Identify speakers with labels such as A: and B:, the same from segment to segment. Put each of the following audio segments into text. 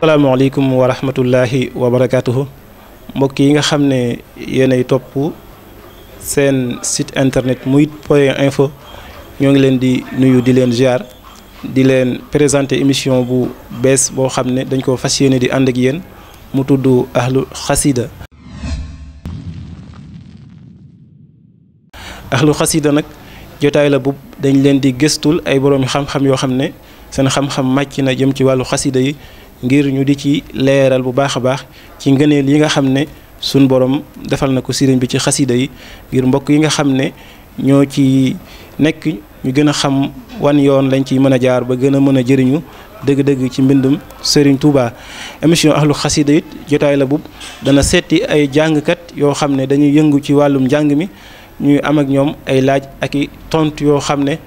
A: salaamaaleykum wa rahmatullahi wa barakaatuhu mbokk yi nga xam ne yéenay topp seen site internet muyit point info ñoo ngi leen di nuyu di leen ziar di leen présenter émission bu bees boo xam ne dañ ko fas yéene di ànd ak yéen mu tudd ahlu xasida ahlu xasida nag jotaay la bu dañ leen di gëstul ay boroomi xam-xam yoo xam ne seen xam-xam màcc na jëm ci wàllu xasida yi ngir ñu di ci leeral bu baax a baax ci ngëneel yi nga xam ne suñ borom defal na ko sëriñ bi ci xasida yi ngir mbokk yi nga xam ne ñoo ci nekk ñu gën a xam wan yoon lañ ci mën a jaar ba gën a mën a jëriñu dëgg-dëgg ci mbindum Serigne Touba émission ahlu xasida it jotaay la bub dana seeti ay jàngkat yoo xam ne dañuy yëngu ci wàllum njàng mi ñuy am ak ñoom ay laaj ak i tont yoo xam ne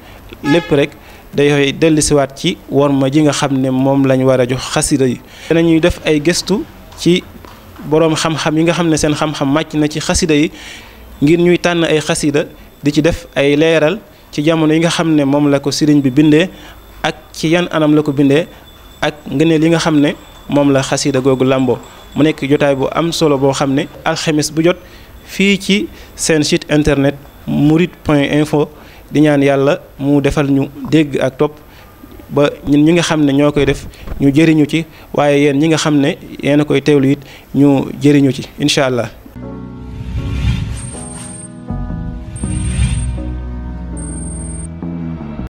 A: lépp rek day dellusiwaat ci worma ji nga xam ne moom lañ war a jox xasida yi ñuy def ay gëstu ci boroom xam-xam yi nga xam ne seen xam-xam màcc na ci xasida yi ngir ñuy tànn ay xasida di ci def ay leeral ci jamono yi nga xam ne moom la ko sëriñ bi bindee ak ci yan anam la ko bindee ak ngëneel yi nga xam ne moom la xasida googu làmboo mu nekk jotaay bu am solo boo xam ne alxemes bu jot fii ci seen site internet murit point info di ñaan yàlla mu defal ñu dégg ak topp ba ñun ñi nga xam ne ñoo koy def ñu jëriñu ci waaye yéen ñi nga xam ne yéen koy teewlu it ñu jëriñu ci incha allah.